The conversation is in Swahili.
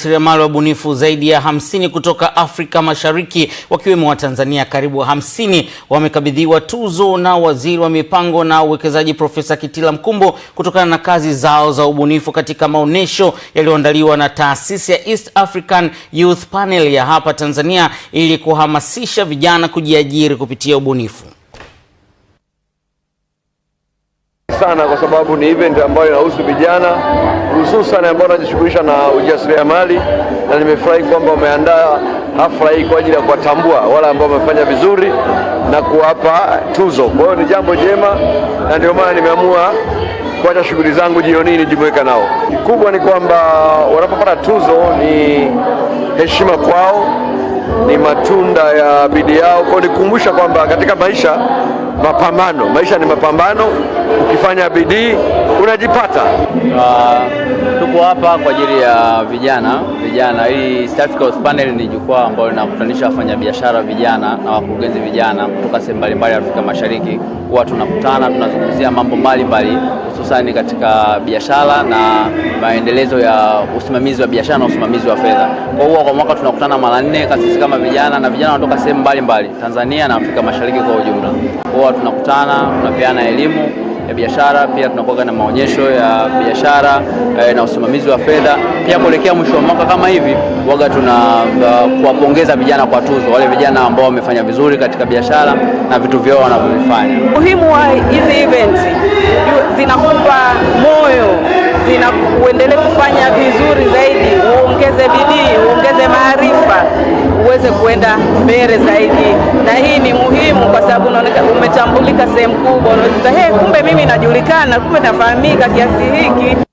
Jasiriamali wabunifu zaidi ya hamsini kutoka Afrika Mashariki wakiwemo Watanzania karibu hamsini wamekabidhiwa tuzo na Waziri wa Mipango na Uwekezaji Profesa Kitila Mkumbo kutokana na kazi zao za ubunifu katika maonyesho yaliyoandaliwa na taasisi ya East African Youth Panel ya hapa Tanzania ili kuhamasisha vijana kujiajiri kupitia ubunifu. sana kwa sababu ni event ambayo inahusu vijana hususan ambao wanajishughulisha na ujasiriamali, na nimefurahi kwamba wameandaa hafla hii kwa ajili ya kuwatambua wale ambao wamefanya vizuri na kuwapa tuzo. Kwa hiyo ni jambo jema, na ndio maana nimeamua kuacha shughuli zangu jioni nijumuika nao. Kikubwa ni kwamba wanapopata tuzo ni heshima kwao, ni matunda ya bidii yao. Kwa nikumbusha nikukumbusha kwamba katika maisha mapambano. Maisha ni mapambano, ukifanya bidii unajipata. Uh, tuko hapa kwa ajili ya vijana vijana. Hii Start Panel ni jukwaa ambalo linakutanisha wafanyabiashara vijana na wakurugenzi vijana kutoka sehemu mbalimbali Afrika Mashariki. Huwa tunakutana tunazungumzia mambo mbalimbali, hususani katika biashara na maendelezo ya usimamizi wa biashara na usimamizi wa fedha. Kwa hiyo kwa mwaka tunakutana mara nne kasisi kama vijana, na vijana wanatoka sehemu mbalimbali Tanzania na Afrika Mashariki kwa ujumla ambao tunakutana tunapeana elimu ya biashara, pia tunakuwa na maonyesho ya biashara e, na usimamizi wa fedha. Pia kuelekea mwisho wa mwaka kama hivi, waga tuna uh, kuwapongeza vijana kwa tuzo, wale vijana ambao wamefanya vizuri katika biashara na vitu vyao wanavyovifanya. Muhimu wa hizi events zinakupa moyo, zinakuendelea kufanya vizuri zaidi, uongeze tuweze kuenda mbele zaidi, na hii ni muhimu kwa sababu unaonekana umetambulika sehemu kubwa, unakuta hey, kumbe mimi najulikana, kumbe nafahamika kiasi hiki.